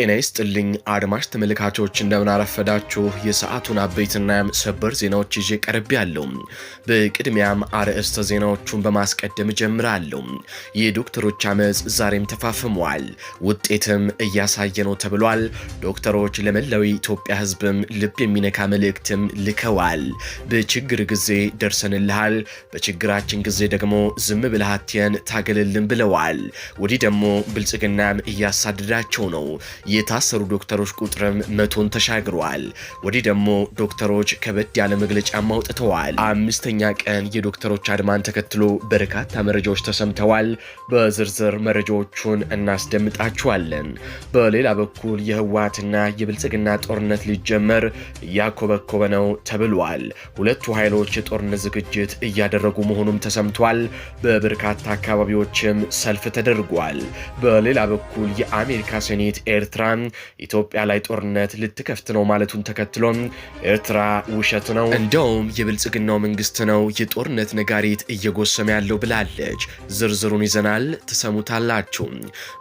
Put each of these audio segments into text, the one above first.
ጤና ይስጥልኝ አድማጭ ተመልካቾች፣ እንደምናረፈዳችሁ የሰዓቱን አበይትና ሰበር ዜናዎች ይዤ ቀርብ ያለው። በቅድሚያም አርዕስተ ዜናዎቹን በማስቀደም ጀምራለሁ። የዶክተሮች አመፅ ዛሬም ተፋፍሟል፣ ውጤትም እያሳየ ነው ተብሏል። ዶክተሮች ለመላው ኢትዮጵያ ህዝብም ልብ የሚነካ መልእክትም ልከዋል። በችግር ጊዜ ደርሰንልሃል፣ በችግራችን ጊዜ ደግሞ ዝም ብለሃትየን ታገልልን ብለዋል። ወዲህ ደግሞ ብልጽግናም እያሳደዳቸው ነው የታሰሩ ዶክተሮች ቁጥርም መቶን ተሻግሯል። ወዲህ ደግሞ ዶክተሮች ከበድ ያለ መግለጫም አውጥተዋል። አምስተኛ ቀን የዶክተሮች አድማን ተከትሎ በርካታ መረጃዎች ተሰምተዋል። በዝርዝር መረጃዎቹን እናስደምጣችኋለን። በሌላ በኩል የህወሓትና የብልጽግና ጦርነት ሊጀመር እያኮበኮበ ነው ተብሏል። ሁለቱ ኃይሎች የጦርነት ዝግጅት እያደረጉ መሆኑም ተሰምቷል። በበርካታ አካባቢዎችም ሰልፍ ተደርጓል። በሌላ በኩል የአሜሪካ ሴኔት ኤርትራ ኤርትራ ኢትዮጵያ ላይ ጦርነት ልትከፍት ነው ማለቱን ተከትሎም ኤርትራ ውሸት ነው፣ እንደውም የብልጽግናው መንግስት ነው የጦርነት ነጋሪት እየጎሰመ ያለው ብላለች። ዝርዝሩን ይዘናል ትሰሙታላችሁ።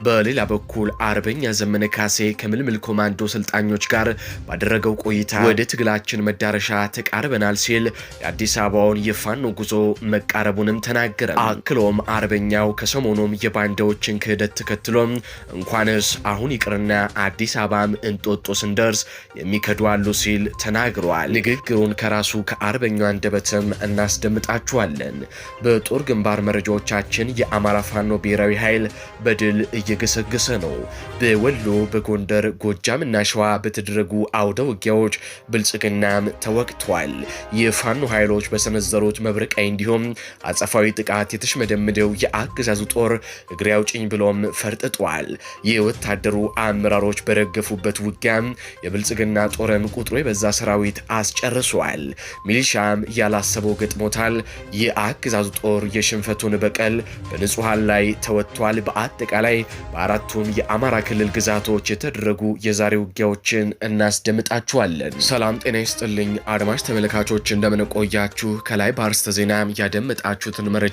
በሌላ በኩል አርበኛ ዘመነ ካሴ ከምልምል ኮማንዶ ሰልጣኞች ጋር ባደረገው ቆይታ ወደ ትግላችን መዳረሻ ተቃርበናል ሲል የአዲስ አበባውን የፋኖ ጉዞ መቃረቡንም ተናገረ። አክሎም አርበኛው ከሰሞኑም የባንዳዎችን ክህደት ተከትሎም እንኳንስ አሁን ይቅርና አዲስ አበባም እንጦጦ ስንደርስ የሚከዱ አሉ ሲል ተናግሯል። ንግግሩን ከራሱ ከአርበኛው አንደበትም እናስደምጣችኋለን። በጦር ግንባር መረጃዎቻችን የአማራ ፋኖ ብሔራዊ ኃይል በድል እየገሰገሰ ነው። በወሎ በጎንደር ጎጃምና ሸዋ በተደረጉ አውደ ውጊያዎች ብልጽግናም ተወቅቷል። የፋኖ ኃይሎች በሰነዘሩት መብረቃዊ እንዲሁም አጸፋዊ ጥቃት የተሽመደምደው የአገዛዙ ጦር እግሬ አውጭኝ ብሎም ፈርጥጧል። የወታደሩ አምራ አመራሮች በደገፉበት ውጊያም የብልጽግና ጦረም ቁጥሩ የበዛ ሰራዊት አስጨርሷል። ሚሊሻም ያላሰበው ገጥሞታል። የአገዛዙ ጦር የሽንፈቱን በቀል በንጹሐን ላይ ተወጥቷል። በአጠቃላይ በአራቱም የአማራ ክልል ግዛቶች የተደረጉ የዛሬ ውጊያዎችን እናስደምጣችኋለን። ሰላም ጤና ይስጥልኝ አድማጭ ተመልካቾች እንደምንቆያችሁ። ከላይ በአርስተ ዜና ያደመጣችሁትን መረጃ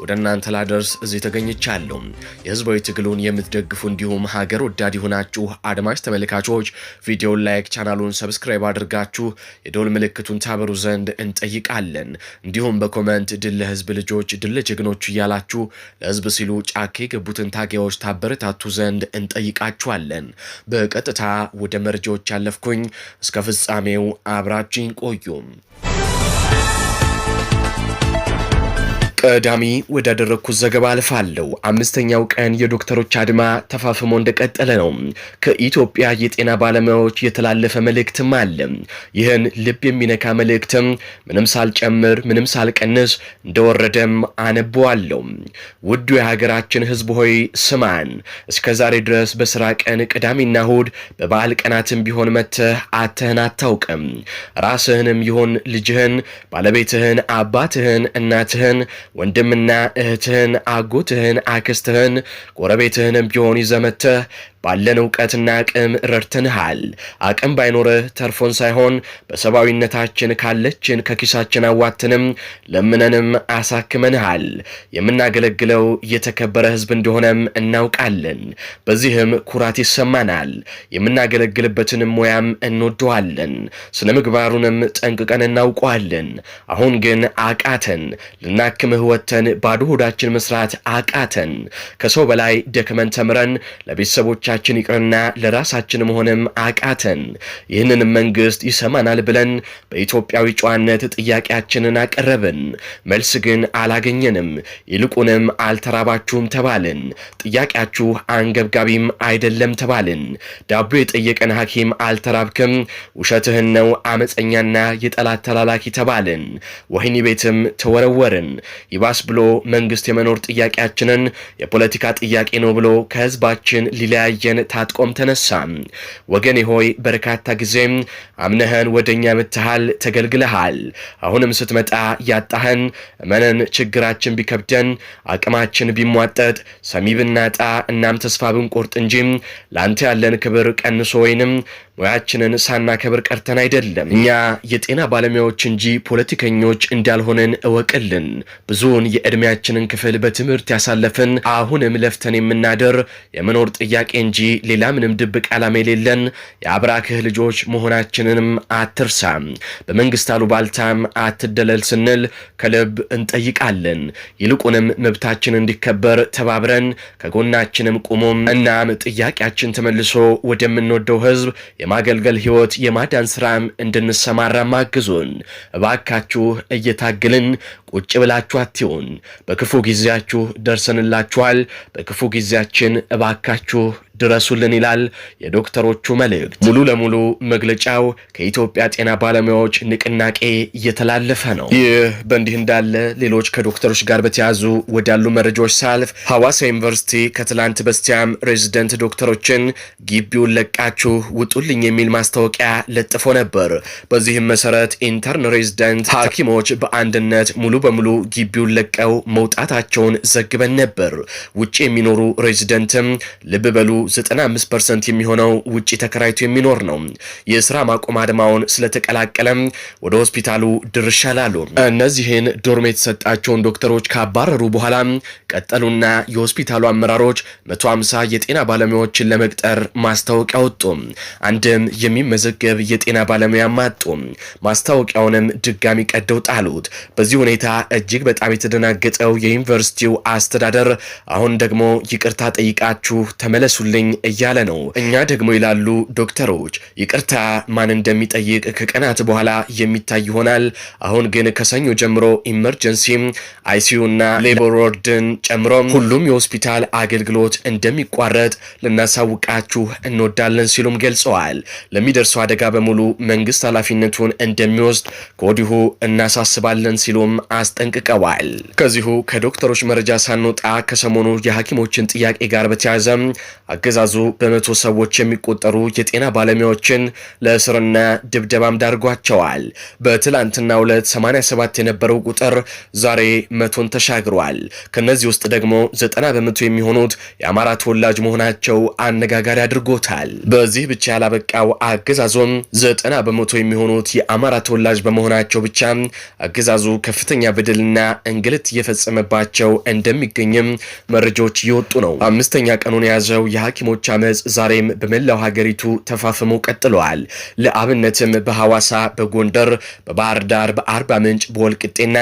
ወደ እናንተ ላደርስ እዚህ ተገኝቻለሁ። የህዝባዊ ትግሉን የምትደግፉ እንዲሁም ሀገር ወዳድ ይሆናል። የተወደዳችሁ አድማጭ ተመልካቾች ቪዲዮን ላይክ፣ ቻናሉን ሰብስክራይብ አድርጋችሁ የዶል ምልክቱን ታበሩ ዘንድ እንጠይቃለን። እንዲሁም በኮመንት ድል ለህዝብ ልጆች፣ ድል ለጀግኖቹ እያላችሁ ለህዝብ ሲሉ ጫካ የገቡትን ታጋዮች ታበረታቱ ዘንድ እንጠይቃችኋለን። በቀጥታ ወደ መረጃዎች ያለፍኩኝ፣ እስከ ፍጻሜው አብራችኝ ቆዩም። ቀዳሚ ወዳደረግኩት ዘገባ አልፋለሁ። አምስተኛው ቀን የዶክተሮች አድማ ተፋፍሞ እንደቀጠለ ነው። ከኢትዮጵያ የጤና ባለሙያዎች የተላለፈ መልእክትም አለ። ይህን ልብ የሚነካ መልእክትም ምንም ሳልጨምር ምንም ሳልቀንስ እንደወረደም አነበዋለሁ። ውዱ የሀገራችን ህዝብ ሆይ ስማን። እስከ ዛሬ ድረስ በስራ ቀን ቅዳሜና እሁድ በበዓል ቀናትም ቢሆን መተህ አተህን አታውቅም። ራስህንም ይሆን ልጅህን፣ ባለቤትህን፣ አባትህን፣ እናትህን ወንድምና እህትህን፣ አጎትህን፣ አክስትህን፣ ጎረቤትህንም ቢሆን ይዘህ ባለን እውቀትና አቅም ረድተንሃል። አቅም ባይኖርህ ተርፎን ሳይሆን በሰብአዊነታችን ካለችን ከኪሳችን አዋትንም ለምነንም አሳክመንሃል። የምናገለግለው የተከበረ ህዝብ እንደሆነም እናውቃለን። በዚህም ኩራት ይሰማናል። የምናገለግልበትንም ሙያም እንወደዋለን። ስነ ምግባሩንም ጠንቅቀን እናውቀዋለን። አሁን ግን አቃተን። ልናክምህ ወጥተን ባዶ ሆዳችን መስራት አቃተን። ከሰው በላይ ደክመን ተምረን ለቤተሰቦቻ ለራሳችን ይቅርና ለራሳችን መሆንም አቃተን። ይህንንም መንግስት ይሰማናል ብለን በኢትዮጵያዊ ጨዋነት ጥያቄያችንን አቀረብን። መልስ ግን አላገኘንም። ይልቁንም አልተራባችሁም ተባልን። ጥያቄያችሁ አንገብጋቢም አይደለም ተባልን። ዳቦ የጠየቀን ሐኪም አልተራብክም፣ ውሸትህን ነው፣ አመፀኛና የጠላት ተላላኪ ተባልን። ወህኒ ቤትም ተወረወርን። ይባስ ብሎ መንግስት የመኖር ጥያቄያችንን የፖለቲካ ጥያቄ ነው ብሎ ከህዝባችን ሊለያየ ደጀን ታጥቆም ተነሳ። ወገኔ ሆይ በርካታ ጊዜም አምነህን ወደኛ ምትሃል ተገልግለሃል። አሁንም ስትመጣ ያጣህን መነን ችግራችን ቢከብደን አቅማችን ቢሟጠጥ ሰሚ ብናጣ እናም ተስፋ ብንቆርጥ እንጂ ለአንተ ያለን ክብር ቀንሶ ወይንም ሙያችንን ሳናከብር ቀርተን አይደለም። እኛ የጤና ባለሙያዎች እንጂ ፖለቲከኞች እንዳልሆንን እወቅልን። ብዙውን የዕድሜያችንን ክፍል በትምህርት ያሳለፍን አሁንም ለፍተን የምናደር የመኖር ጥያቄ እንጂ እንጂ ሌላ ምንም ድብቅ ዓላማ የሌለን የአብራክህ ልጆች መሆናችንንም አትርሳ። በመንግስት አሉባልታም አትደለል ስንል ከልብ እንጠይቃለን። ይልቁንም መብታችን እንዲከበር ተባብረን ከጎናችንም ቁሙም። እናም ጥያቄያችን ተመልሶ ወደምንወደው ህዝብ የማገልገል ህይወት የማዳን ስራም እንድንሰማራ ማግዙን እባካችሁ እየታግልን ቁጭ ብላችሁ አትሆን። በክፉ ጊዜያችሁ ደርሰንላችኋል። በክፉ ጊዜያችን እባካችሁ ድረሱልን ይላል የዶክተሮቹ መልእክት። ሙሉ ለሙሉ መግለጫው ከኢትዮጵያ ጤና ባለሙያዎች ንቅናቄ እየተላለፈ ነው። ይህ በእንዲህ እንዳለ ሌሎች ከዶክተሮች ጋር በተያዙ ወዳሉ መረጃዎች ሳልፍ ሐዋሳ ዩኒቨርሲቲ ከትላንት በስቲያም ሬዚደንት ዶክተሮችን ግቢውን ለቃችሁ ውጡልኝ የሚል ማስታወቂያ ለጥፎ ነበር። በዚህም መሰረት ኢንተርን ሬዚደንት ሐኪሞች በአንድነት ሙሉ በሙሉ ግቢውን ለቀው መውጣታቸውን ዘግበን ነበር። ውጭ የሚኖሩ ሬዚደንትም ልብ በሉ 95 ፐርሰንት የሚሆነው ውጭ ተከራይቶ የሚኖር ነው። የስራ ማቆም አድማውን ስለተቀላቀለም ወደ ሆስፒታሉ ድርሻ ላሉ እነዚህን ዶርም የተሰጣቸውን ዶክተሮች ካባረሩ በኋላ ቀጠሉና የሆስፒታሉ አመራሮች 150 የጤና ባለሙያዎችን ለመቅጠር ማስታወቂያ ወጡ። አንድም የሚመዘገብ የጤና ባለሙያ ማጡ። ማስታወቂያውንም ድጋሚ ቀደው ጣሉት። በዚህ ሁኔታ እጅግ በጣም የተደናገጠው የዩኒቨርሲቲው አስተዳደር አሁን ደግሞ ይቅርታ ጠይቃችሁ ተመለሱልኝ እያለ ነው። እኛ ደግሞ ይላሉ ዶክተሮች ይቅርታ ማን እንደሚጠይቅ ከቀናት በኋላ የሚታይ ይሆናል። አሁን ግን ከሰኞ ጀምሮ ኢመርጀንሲም አይሲዩና ሌቦር ወርድን ጨምሮም ሁሉም የሆስፒታል አገልግሎት እንደሚቋረጥ ልናሳውቃችሁ እንወዳለን ሲሉም ገልጸዋል። ለሚደርሰው አደጋ በሙሉ መንግስት ኃላፊነቱን እንደሚወስድ ከወዲሁ እናሳስባለን ሲሉም አስጠንቅቀዋል። ከዚሁ ከዶክተሮች መረጃ ሳንወጣ ከሰሞኑ የሐኪሞችን ጥያቄ ጋር በተያያዘ አገዛዙ በመቶ ሰዎች የሚቆጠሩ የጤና ባለሙያዎችን ለእስርና ድብደባም ዳርጓቸዋል። በትላንትና ሁለት 87 የነበረው ቁጥር ዛሬ መቶን ተሻግሯል። ከነዚህ ውስጥ ደግሞ 90 በመቶ የሚሆኑት የአማራ ተወላጅ መሆናቸው አነጋጋሪ አድርጎታል። በዚህ ብቻ ያላበቃው አገዛዞም 90 በመቶ የሚሆኑት የአማራ ተወላጅ በመሆናቸው ብቻ አገዛዙ ከፍተኛ ከፍተኛ በደልና እንግልት እየፈጸመባቸው እንደሚገኝም መረጃዎች እየወጡ ነው። አምስተኛ ቀኑን የያዘው የሐኪሞች አመፅ ዛሬም በመላው ሀገሪቱ ተፋፍሞ ቀጥለዋል። ለአብነትም በሐዋሳ፣ በጎንደር፣ በባህር ዳር፣ በአርባ ምንጭ፣ በወልቅጤና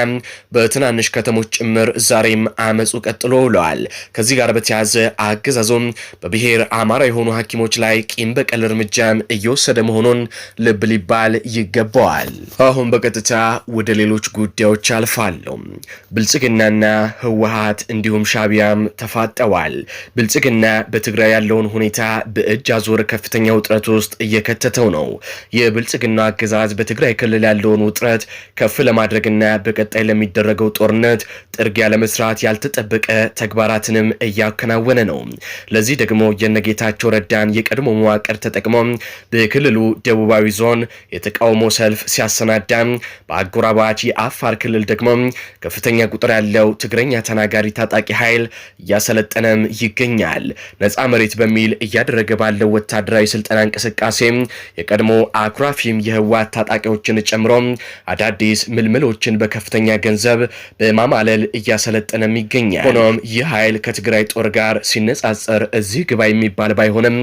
በትናንሽ ከተሞች ጭምር ዛሬም አመፁ ቀጥሎ ውለዋል። ከዚህ ጋር በተያያዘ አገዛዞም በብሔር አማራ የሆኑ ሐኪሞች ላይ ቂም በቀል እርምጃም እየወሰደ መሆኑን ልብ ሊባል ይገባዋል። አሁን በቀጥታ ወደ ሌሎች ጉዳዮች አልፈ ይደግፋሉ። ብልጽግናና ህወሀት እንዲሁም ሻቢያም ተፋጠዋል። ብልጽግና በትግራይ ያለውን ሁኔታ በእጅ አዞር ከፍተኛ ውጥረት ውስጥ እየከተተው ነው። የብልጽግና አገዛዝ በትግራይ ክልል ያለውን ውጥረት ከፍ ለማድረግና በቀጣይ ለሚደረገው ጦርነት ጥርጊያ ለመስራት ያልተጠበቀ ተግባራትንም እያከናወነ ነው። ለዚህ ደግሞ የነጌታቸው ረዳን የቀድሞ መዋቅር ተጠቅሞ በክልሉ ደቡባዊ ዞን የተቃውሞ ሰልፍ ሲያሰናዳ በአጎራባች የአፋር ክልል ደግሞ ደግሞ ከፍተኛ ቁጥር ያለው ትግረኛ ተናጋሪ ታጣቂ ኃይል እያሰለጠነም ይገኛል። ነፃ መሬት በሚል እያደረገ ባለው ወታደራዊ ስልጠና እንቅስቃሴ የቀድሞ አኩራፊም የህወሓት ታጣቂዎችን ጨምሮ አዳዲስ ምልምሎችን በከፍተኛ ገንዘብ በማማለል እያሰለጠነም ይገኛል። ሆኖም ይህ ኃይል ከትግራይ ጦር ጋር ሲነጻጸር እዚህ ግባ የሚባል ባይሆንም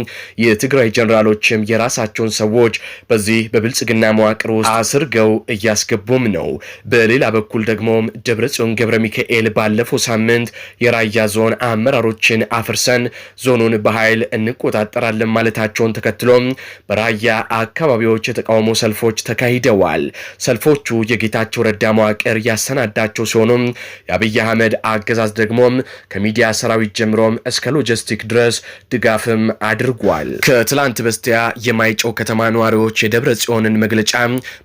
የትግራይ ጀኔራሎችም የራሳቸውን ሰዎች በዚህ በብልጽግና መዋቅር ውስጥ አስርገው እያስገቡም ነው። በሌላ በኩል ደብረ ደብረጽዮን ገብረ ሚካኤል ባለፈው ሳምንት የራያ ዞን አመራሮችን አፍርሰን ዞኑን በኃይል እንቆጣጠራለን ማለታቸውን ተከትሎ በራያ አካባቢዎች የተቃውሞ ሰልፎች ተካሂደዋል። ሰልፎቹ የጌታቸው ረዳ መዋቅር ያሰናዳቸው ሲሆኑም የአብይ አህመድ አገዛዝ ደግሞ ከሚዲያ ሰራዊት ጀምሮም እስከ ሎጂስቲክ ድረስ ድጋፍም አድርጓል። ከትላንት በስቲያ የማይጨው ከተማ ነዋሪዎች የደብረ ጽዮንን መግለጫ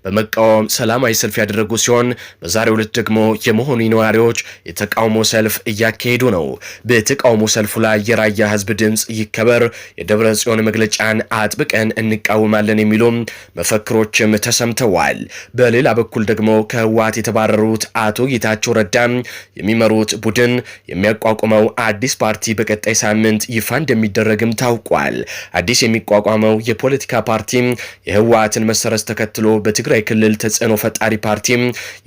በመቃወም ሰላማዊ ሰልፍ ያደረጉ ሲሆን በዛሬው ዕለት ደግሞ የመሆኑ ነዋሪዎች የተቃውሞ ሰልፍ እያካሄዱ ነው። በተቃውሞ ሰልፉ ላይ የራያ ህዝብ ድምፅ ይከበር፣ የደብረ ጽዮን መግለጫን አጥብቀን እንቃወማለን የሚሉም መፈክሮችም ተሰምተዋል። በሌላ በኩል ደግሞ ከህወሓት የተባረሩት አቶ ጌታቸው ረዳ የሚመሩት ቡድን የሚያቋቁመው አዲስ ፓርቲ በቀጣይ ሳምንት ይፋ እንደሚደረግም ታውቋል። አዲስ የሚቋቋመው የፖለቲካ ፓርቲ የህወሓትን መሰረት ተከትሎ በትግራይ ክልል ተጽዕኖ ፈጣሪ ፓርቲ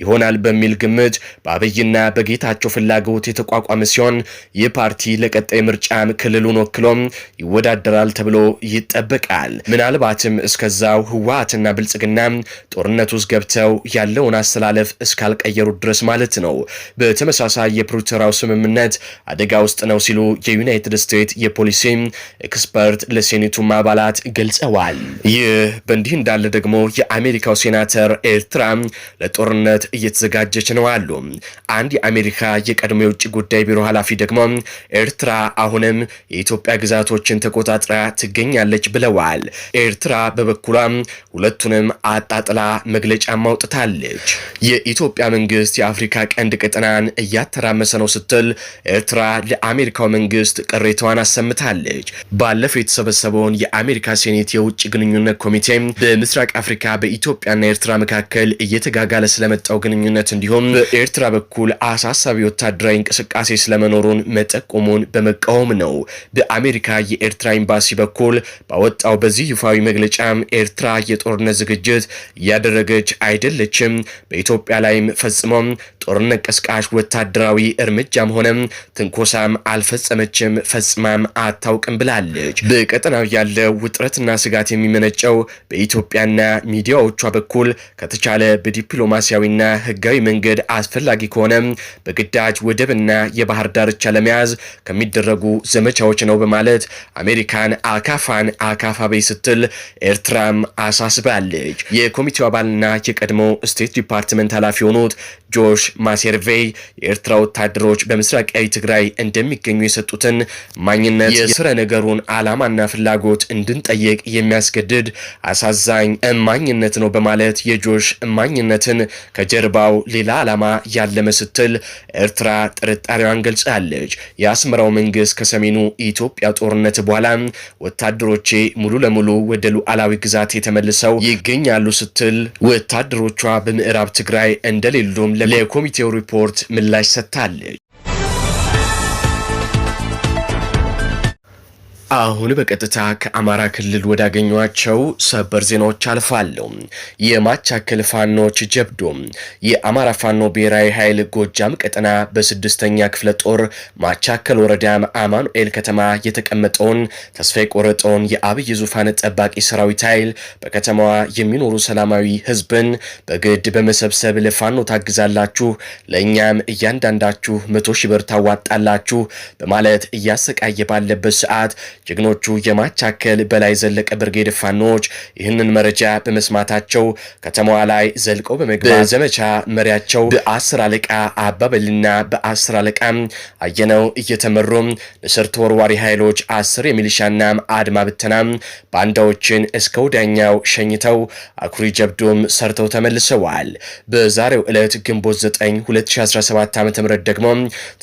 ይሆናል በሚል ግምት በአብይና በጌታቸው ፍላጎት የተቋቋመ ሲሆን ይህ ፓርቲ ለቀጣይ ምርጫም ክልሉን ወክሎም ይወዳደራል ተብሎ ይጠበቃል። ምናልባትም እስከዛው ህወሀትና ብልጽግና ጦርነት ውስጥ ገብተው ያለውን አስተላለፍ እስካልቀየሩ ድረስ ማለት ነው። በተመሳሳይ የፕሪቶሪያው ስምምነት አደጋ ውስጥ ነው ሲሉ የዩናይትድ ስቴትስ የፖሊሲ ኤክስፐርት ለሴኔቱም አባላት ገልጸዋል። ይህ በእንዲህ እንዳለ ደግሞ የአሜሪካው ሴናተር ኤርትራ ለጦርነት እየተዘጋጀ ነው አሉ። አንድ የአሜሪካ የቀድሞ የውጭ ጉዳይ ቢሮ ኃላፊ ደግሞ ኤርትራ አሁንም የኢትዮጵያ ግዛቶችን ተቆጣጥራ ትገኛለች ብለዋል። ኤርትራ በበኩሏ ሁለቱንም አጣጥላ መግለጫ ማውጥታለች። የኢትዮጵያ መንግስት የአፍሪካ ቀንድ ቀጠናን እያተራመሰ ነው ስትል ኤርትራ ለአሜሪካው መንግስት ቅሬታዋን አሰምታለች። ባለፈው የተሰበሰበውን የአሜሪካ ሴኔት የውጭ ግንኙነት ኮሚቴ በምስራቅ አፍሪካ በኢትዮጵያና ኤርትራ መካከል እየተጋጋለ ስለመጣው ግንኙነት እንዲሁ እንዲሁም በኤርትራ በኩል አሳሳቢ ወታደራዊ እንቅስቃሴ ስለመኖሩን መጠቆሙን በመቃወም ነው። በአሜሪካ የኤርትራ ኤምባሲ በኩል ባወጣው በዚህ ይፋዊ መግለጫም ኤርትራ የጦርነት ዝግጅት እያደረገች አይደለችም፣ በኢትዮጵያ ላይም ፈጽሞም ጦርነት ቀስቃሽ ወታደራዊ እርምጃም ሆነም ትንኮሳም አልፈጸመችም፣ ፈጽማም አታውቅም ብላለች። በቀጠናው ያለ ውጥረትና ስጋት የሚመነጨው በኢትዮጵያና ሚዲያዎቿ በኩል ከተቻለ በዲፕሎማሲያዊና ህጋዊ መንገድ መንገድ አስፈላጊ ከሆነ በግዳጅ ወደብና የባህር ዳርቻ ለመያዝ ከሚደረጉ ዘመቻዎች ነው በማለት አሜሪካን አካፋን አካፋ በይ ስትል ኤርትራም አሳስባለች። የኮሚቴው አባልና የቀድሞ ስቴት ዲፓርትመንት ኃላፊ የሆኑት ጆሽ ማሴርቬይ የኤርትራ ወታደሮች በምስራቃዊ ትግራይ እንደሚገኙ የሰጡትን ማኝነት የስረ ነገሩን አላማና ፍላጎት እንድንጠይቅ የሚያስገድድ አሳዛኝ እማኝነት ነው በማለት የጆሽ እማኝነትን ከጀርባው ሌላ ዓላማ ያለመ ስትል ኤርትራ ጥርጣሬዋን ገልጻለች። የአስመራው መንግስት ከሰሜኑ ኢትዮጵያ ጦርነት በኋላ ወታደሮቼ ሙሉ ለሙሉ ወደ ሉዓላዊ ግዛት የተመልሰው ይገኛሉ ስትል ወታደሮቿ በምዕራብ ትግራይ እንደሌሉም ለኮሚቴው ሪፖርት ምላሽ ሰጥታለች። አሁን በቀጥታ ከአማራ ክልል ወዳገኟቸው ሰበር ዜናዎች አልፋለሁ። የማቻከል ፋኖች ጀብዶ የአማራ ፋኖ ብሔራዊ ኃይል ጎጃም ቀጠና በስድስተኛ ክፍለ ጦር ማቻከል ወረዳም አማኑኤል ከተማ የተቀመጠውን ተስፋ የቆረጠውን የአብይ ዙፋን ጠባቂ ሰራዊት ኃይል በከተማዋ የሚኖሩ ሰላማዊ ህዝብን በግድ በመሰብሰብ ለፋኖ ታግዛላችሁ፣ ለእኛም እያንዳንዳችሁ መቶ ሺህ ብር ታዋጣላችሁ በማለት እያሰቃየ ባለበት ሰዓት ጀግኖቹ የማቻከል በላይ ዘለቀ ብርጌድ ፋኖች ይህንን መረጃ በመስማታቸው ከተማዋ ላይ ዘልቀው በመግባት ዘመቻ መሪያቸው በአስር አለቃ አባበልና በአስር አለቃ አየነው እየተመሩ ንስርት ወርዋሪ ኃይሎች አስር የሚሊሻና አድማ ብተና ባንዳዎችን እስከ ወዳኛው ሸኝተው አኩሪ ጀብዶም ሰርተው ተመልሰዋል። በዛሬው ዕለት ግንቦት 9 2017 ዓ.ም ደግሞ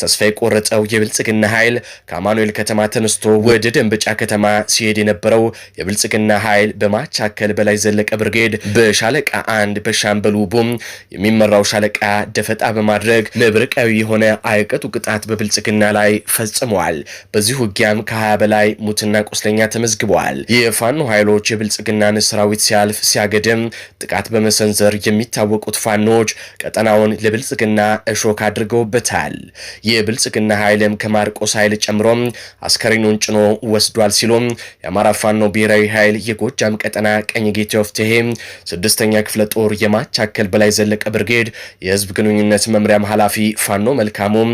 ተስፋ የቆረጠው የብልጽግና ኃይል ከአማኑኤል ከተማ ተነስቶ ወደ ደንበጫ ከተማ ሲሄድ የነበረው የብልጽግና ኃይል በማቻከል በላይ ዘለቀ ብርጌድ በሻለቃ አንድ በሻምበል ውቡም የሚመራው ሻለቃ ደፈጣ በማድረግ መብረቃዊ የሆነ አይቀጡ ቅጣት በብልጽግና ላይ ፈጽመዋል። በዚህ ውጊያም ከ20 በላይ ሙትና ቁስለኛ ተመዝግበዋል። የፋኖ ኃይሎች የብልጽግናን ሰራዊት ሲያልፍ ሲያገድም ጥቃት በመሰንዘር የሚታወቁት ፋኖች ቀጠናውን ለብልጽግና እሾክ አድርገውበታል። የብልጽግና ኃይልም ከማርቆስ ኃይል ጨምሮም አስከሬኑን ጭኖ ወስዷል ሲሉም የአማራ ፋኖ ብሔራዊ ኃይል የጎጃም ቀጠና ቀኝ ጌታ ወፍትሄ ስድስተኛ ክፍለ ጦር የማቻከል በላይ ዘለቀ ብርጌድ የህዝብ ግንኙነት መምሪያም ኃላፊ ፋኖ መልካሙም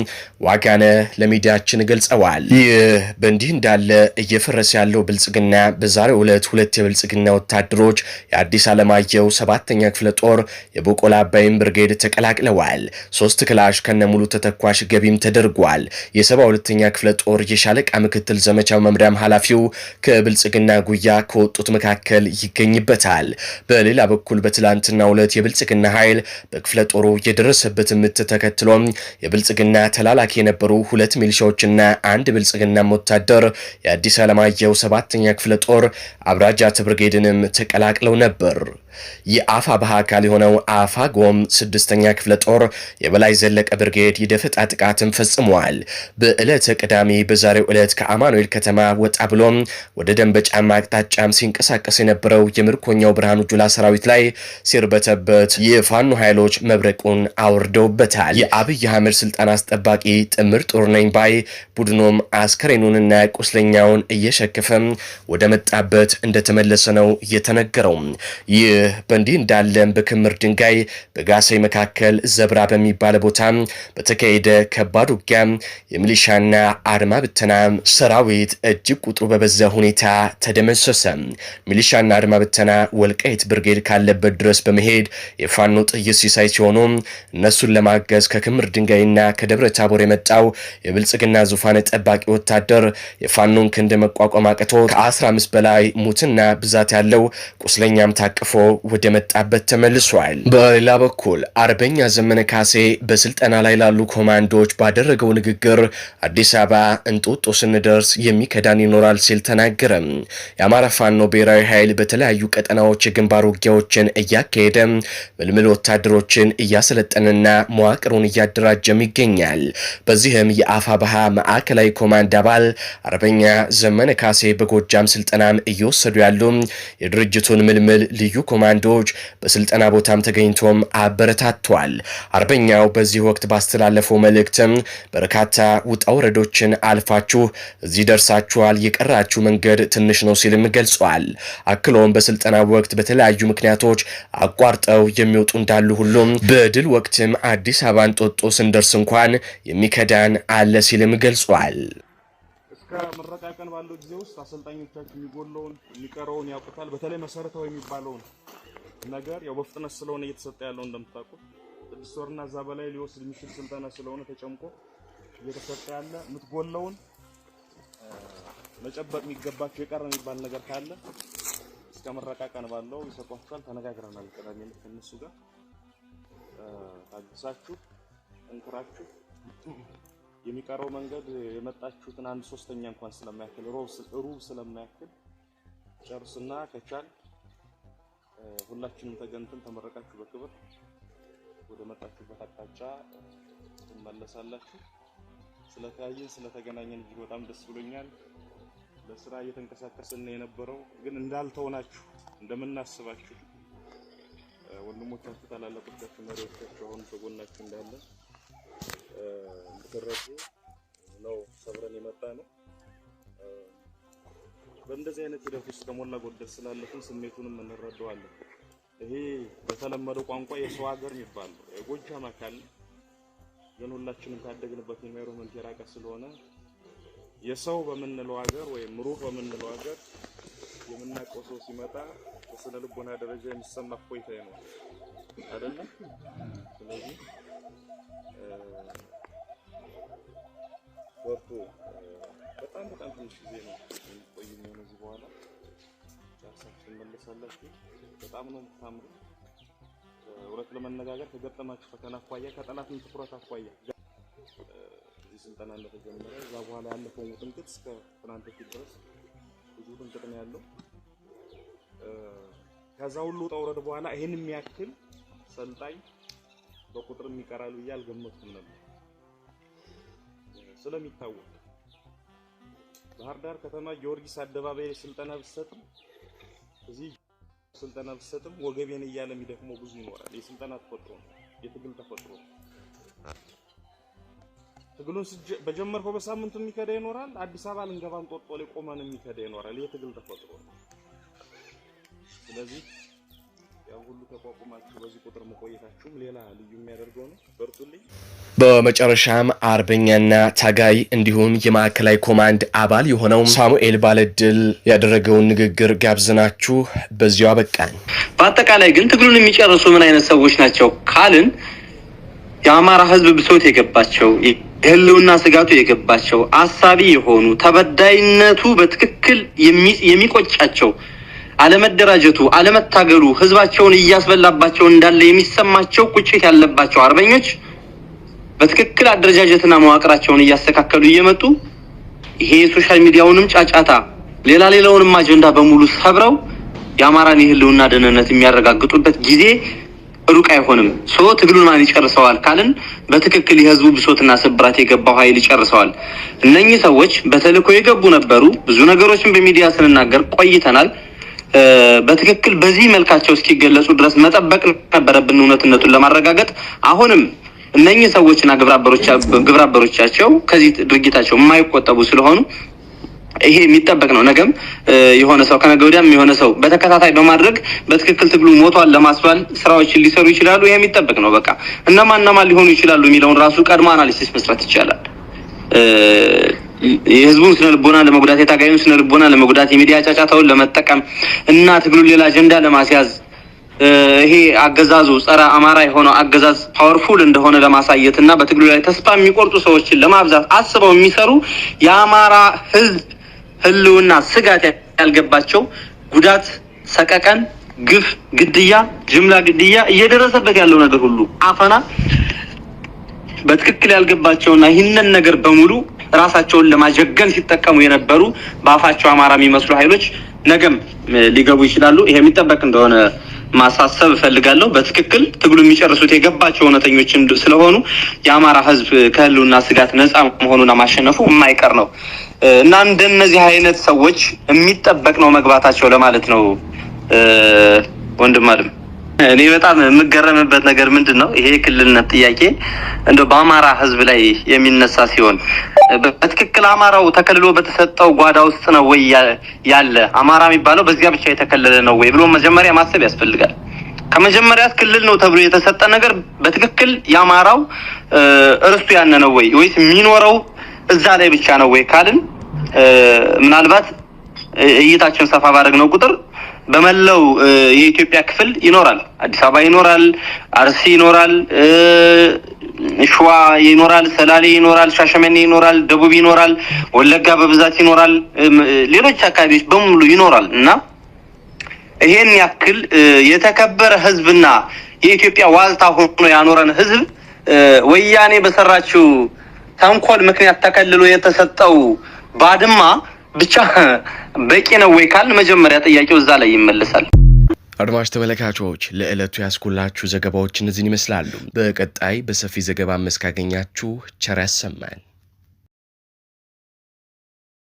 ዋጋነ ለሚዲያችን ገልጸዋል። ይህ በእንዲህ እንዳለ እየፈረሰ ያለው ብልጽግና በዛሬው ዕለት ሁለት የብልጽግና ወታደሮች የአዲስ አለማየሁ ሰባተኛ ክፍለ ጦር የቦቆላ አባይም ብርጌድ ተቀላቅለዋል። ሶስት ክላሽ ከነሙሉ ተተኳሽ ገቢም ተደርጓል። የሰባ ሁለተኛ ክፍለ ጦር የሻለቃ ምክትል ዘመቻ መምሪያ እናም ኃላፊው ከብልጽግና ጉያ ከወጡት መካከል ይገኝበታል። በሌላ በኩል በትላንትና ሁለት የብልጽግና ኃይል በክፍለ ጦሩ የደረሰበት ምት ተከትሎ የብልጽግና ተላላኪ የነበሩ ሁለት ሚሊሻዎችና አንድ ብልጽግና ወታደር የአዲስ ዓለማየሁ ሰባተኛ ክፍለ ጦር አብራጃ ብርጌድንም ተቀላቅለው ነበር። የአፋ ባህ አካል የሆነው አፋ ጎም ስድስተኛ ክፍለ ጦር የበላይ ዘለቀ ብርጌድ የደፈጣ ጥቃትን ፈጽሟል። በዕለተ ቅዳሜ በዛሬው ዕለት ከአማኑኤል ከተማ ወጣ ብሎም ወደ ደንበጫማ አቅጣጫም ሲንቀሳቀስ የነበረው የምርኮኛው ብርሃኑ ጁላ ሰራዊት ላይ ሲርበተበት የፋኖ ኃይሎች መብረቁን አውርደውበታል። የአብይ አህመድ ስልጣን አስጠባቂ ጥምር ጦር ነኝ ባይ ቡድኑም አስከሬኑንና ቁስለኛውን እየሸከፈም ወደ መጣበት እንደተመለሰ ነው እየተነገረው። ይህ በእንዲህ እንዳለም በክምር ድንጋይ በጋሳይ መካከል ዘብራ በሚባለ ቦታ በተካሄደ ከባድ ውጊያ የሚሊሻና አድማ ብተናም ሰራዊት እጅ እጅግ ቁጥሩ በበዛ ሁኔታ ተደመሰሰ። ሚሊሻና አድማ ብተና ወልቃይት ብርጌድ ካለበት ድረስ በመሄድ የፋኖ ጥይት ሲሳይ ሲሆኑ እነሱን ለማገዝ ከክምር ድንጋይና ከደብረ ታቦር የመጣው የብልጽግና ዙፋን ጠባቂ ወታደር የፋኖን ክንድ መቋቋም አቅቶ ከ15 በላይ ሙትና ብዛት ያለው ቁስለኛም ታቅፎ ወደ መጣበት ተመልሷል። በሌላ በኩል አርበኛ ዘመነ ካሴ በስልጠና ላይ ላሉ ኮማንዶዎች ባደረገው ንግግር አዲስ አበባ እንጦጦ ስንደርስ የሚከዳን ይኖራል ሲል ተናገረ። የአማራ ፋኖ ብሔራዊ ኃይል በተለያዩ ቀጠናዎች የግንባር ውጊያዎችን እያካሄደ ምልምል ወታደሮችን እያሰለጠንና መዋቅሩን እያደራጀም ይገኛል። በዚህም የአፋ ባሃ ማዕከላዊ ኮማንድ አባል አርበኛ ዘመነ ካሴ በጎጃም ስልጠናም እየወሰዱ ያሉ የድርጅቱን ምልምል ልዩ ኮማንዶዎች በስልጠና ቦታም ተገኝቶም አበረታቷል። አርበኛው በዚህ ወቅት ባስተላለፈው መልእክትም በርካታ ውጣ ወረዶችን አልፋችሁ እዚህ ደርሳችኋል ተቋርጧል፣ የቀራችው መንገድ ትንሽ ነው ሲልም ገልጿል። አክሎም በስልጠና ወቅት በተለያዩ ምክንያቶች አቋርጠው የሚወጡ እንዳሉ ሁሉም በድል ወቅትም አዲስ አበባ እንጦጦ ስንደርስ እንኳን የሚከዳን አለ ሲልም ገልጿል። እስከ ቀን ባለው ጊዜ ውስጥ አሰልጣኞቻችን የሚጎለውን የሚቀረውን ያውቁታል። በተለይ መሰረታዊ የሚባለውን ነገር ያው በፍጥነት ስለሆነ እየተሰጠ ያለው እንደምታውቁት ስድስት ወርና እዛ በላይ ሊወስድ የሚችል ስልጠና ስለሆነ ተጨምቆ እየተሰጠ ያለ የምትጎለውን መጨበጥ የሚገባቸው የቀረ የሚባል ነገር ካለ እስከ ምረቃ ቀን ባለው ይሰጧቸዋል። ተነጋግረናል። ልክ እነሱ ጋር ታግሳችሁ እንክራችሁ የሚቀረው መንገድ የመጣችሁትን አንድ ሶስተኛ እንኳን ስለማያክል ሩብ ስለማያክል ጨርስና ከቻል ሁላችንም ተገንትን ተመረቃችሁ በክብር ወደ መጣችሁበት አቅጣጫ ትመለሳላችሁ። ስለተያየን ስለተገናኘን እጅግ በጣም ደስ ብሎኛል። በስራ እየተንቀሳቀስን የነበረው ግን እንዳልተውናችሁ እንደምናስባችሁ ወንድሞቻችሁ፣ ታላላቆቻችሁ፣ መሪዎቻችሁ አሁን ከጎናችሁ እንዳለ እንድትረዱ ነው ሰብረን የመጣ ነው። በእንደዚህ አይነት ሂደት ውስጥ ከሞላ ጎደል ስላለፍን ስሜቱንም እንረዳዋለን። ይሄ በተለመደው ቋንቋ የሰው ሀገር የሚባል የጎጃም አካል ግን ሁላችንም ካደግንበት ኢንቫይሮንመንት የራቀ ስለሆነ የሰው በምንለው ሀገር ወይም ሩህ በምንለው ሀገር የምናውቀው ሰው ሲመጣ በስነ ልቦና ደረጃ የሚሰማ ቆይታ ነው አይደለም። ስለዚህ ወርዶ በጣም በጣም ትንሽ ጊዜ ነው የሚቆይ የሚሆነው። እዚህ በኋላ ራሳችን መለሳላችሁ። በጣም ነው የምታምሩ። እውነት ለመነጋገር ከገጠማችሁ ፈተና አኳያ ከጠላትም ትኩረት አኳያ ስልጠና እንደተጀመረ እዛ በኋላ ያለፈው ውጥንቅጥ እስከ ትናንት ፊት ድረስ ብዙ ውጥንቅጥ ነው ያለው። ከዛ ሁሉ ውጣ ውረድ በኋላ ይህን የሚያክል ሰልጣኝ በቁጥር የሚቀራሉ ብዬ አልገመትኩም ነበር። ስለሚታወቅ ባህር ዳር ከተማ ጊዮርጊስ አደባባይ ስልጠና ብሰጥም እዚህ ስልጠና ብሰጥም ወገቤን እያለ የሚደክመው ብዙ ይኖራል። የስልጠና ተፈጥሮ ነው፣ የትግል ተፈጥሮ ነው። ትግሉን በጀመርከው በሳምንቱ የሚከዳ ይኖራል። አዲስ አበባ ልንገባም ጦጦ ላይ ቆመን የሚከዳ ይኖራል። ይሄ ትግል ተፈጥሮ ነው። ስለዚህ ያው ሁሉ ተቋቁማችሁ በዚህ ቁጥር መቆየታችሁም ሌላ ልዩ የሚያደርገው ነው። በርቱልኝ። በመጨረሻም አርበኛና ታጋይ እንዲሁም የማዕከላዊ ኮማንድ አባል የሆነው ሳሙኤል ባለድል ያደረገውን ንግግር ጋብዝናችሁ በዚሁ አበቃን። በአጠቃላይ ግን ትግሉን የሚጨርሱ ምን አይነት ሰዎች ናቸው ካልን የአማራ ሕዝብ ብሶት የገባቸው የህልውና ስጋቱ የገባቸው አሳቢ የሆኑ ተበዳይነቱ በትክክል የሚቆጫቸው አለመደራጀቱ፣ አለመታገሉ ህዝባቸውን እያስበላባቸው እንዳለ የሚሰማቸው ቁጭት ያለባቸው አርበኞች በትክክል አደረጃጀትና መዋቅራቸውን እያስተካከሉ እየመጡ ይሄ የሶሻል ሚዲያውንም ጫጫታ ሌላ ሌላውንም አጀንዳ በሙሉ ሰብረው የአማራን የህልውና ደህንነት የሚያረጋግጡበት ጊዜ ሩቅ አይሆንም። ሶ ትግሉን ማን ይጨርሰዋል ካልን በትክክል የህዝቡ ብሶትና ስብራት የገባው ኃይል ይጨርሰዋል። እነኚህ ሰዎች በተልእኮ የገቡ ነበሩ። ብዙ ነገሮችን በሚዲያ ስንናገር ቆይተናል። በትክክል በዚህ መልካቸው እስኪገለጹ ድረስ መጠበቅ ነበረብን እውነትነቱን ለማረጋገጥ አሁንም እነኚህ ሰዎችና ግብረ አበሮቻቸው ከዚህ ድርጊታቸው የማይቆጠቡ ስለሆኑ ይሄ የሚጠበቅ ነው። ነገም የሆነ ሰው ከነገ ወዲያም የሆነ ሰው በተከታታይ በማድረግ በትክክል ትግሉ ሞቷል ለማስባል ስራዎችን ሊሰሩ ይችላሉ። ይሄ የሚጠበቅ ነው። በቃ እነማን እነማ ሊሆኑ ይችላሉ የሚለውን ራሱ ቀድሞ አናሊሲስ መስራት ይቻላል። የህዝቡን ስነ ልቦና ለመጉዳት የታጋዩን ስነ ልቦና ለመጉዳት የሚዲያ ጫጫታውን ለመጠቀም እና ትግሉን ሌላ አጀንዳ ለማስያዝ ይሄ አገዛዙ ጸረ አማራ የሆነው አገዛዝ ፓወርፉል እንደሆነ ለማሳየት እና በትግሉ ላይ ተስፋ የሚቆርጡ ሰዎችን ለማብዛት አስበው የሚሰሩ የአማራ ህዝብ ህልውና ስጋት ያልገባቸው ጉዳት፣ ሰቀቀን፣ ግፍ፣ ግድያ፣ ጅምላ ግድያ እየደረሰበት ያለው ነገር ሁሉ አፈና በትክክል ያልገባቸውና ይህንን ነገር በሙሉ ራሳቸውን ለማጀገን ሲጠቀሙ የነበሩ በአፋቸው አማራ የሚመስሉ ኃይሎች ነገም ሊገቡ ይችላሉ። ይሄ የሚጠበቅ እንደሆነ ማሳሰብ እፈልጋለሁ። በትክክል ትግሉ የሚጨርሱት የገባቸው እውነተኞች ስለሆኑ የአማራ ህዝብ ከህልውና ስጋት ነጻ መሆኑና ማሸነፉ የማይቀር ነው እና እንደነዚህ አይነት ሰዎች የሚጠበቅ ነው መግባታቸው ለማለት ነው። ወንድም አድም እኔ በጣም የምገረምበት ነገር ምንድን ነው ይሄ የክልልነት ጥያቄ እንደ በአማራ ህዝብ ላይ የሚነሳ ሲሆን በትክክል አማራው ተከልሎ በተሰጠው ጓዳ ውስጥ ነው ወይ ያለ አማራ የሚባለው በዚያ ብቻ የተከለለ ነው ወይ ብሎ መጀመሪያ ማሰብ ያስፈልጋል። ከመጀመሪያ ክልል ነው ተብሎ የተሰጠ ነገር በትክክል የአማራው እርስቱ ያነ ነው ወይ ወይስ የሚኖረው እዛ ላይ ብቻ ነው ወይ ካልን ምናልባት እይታችን ሰፋ ባደረግነው ቁጥር በመላው የኢትዮጵያ ክፍል ይኖራል። አዲስ አበባ ይኖራል፣ አርሲ ይኖራል፣ ሸዋ ይኖራል፣ ሰላሌ ይኖራል፣ ሻሸመኔ ይኖራል፣ ደቡብ ይኖራል፣ ወለጋ በብዛት ይኖራል፣ ሌሎች አካባቢዎች በሙሉ ይኖራል እና ይሄን ያክል የተከበረ ህዝብና የኢትዮጵያ ዋልታ ሆኖ ያኖረን ህዝብ ወያኔ በሰራችው ተንኮል ምክንያት ተከልሎ የተሰጠው ባድማ ብቻ በቂ ነው ወይ ካል መጀመሪያ ጥያቄው እዛ ላይ ይመለሳል። አድማጭ ተመልካቾች ለዕለቱ ያስኩላችሁ ዘገባዎች እነዚህን ይመስላሉ። በቀጣይ በሰፊ ዘገባ መስካገኛችሁ ቸር ያሰማን።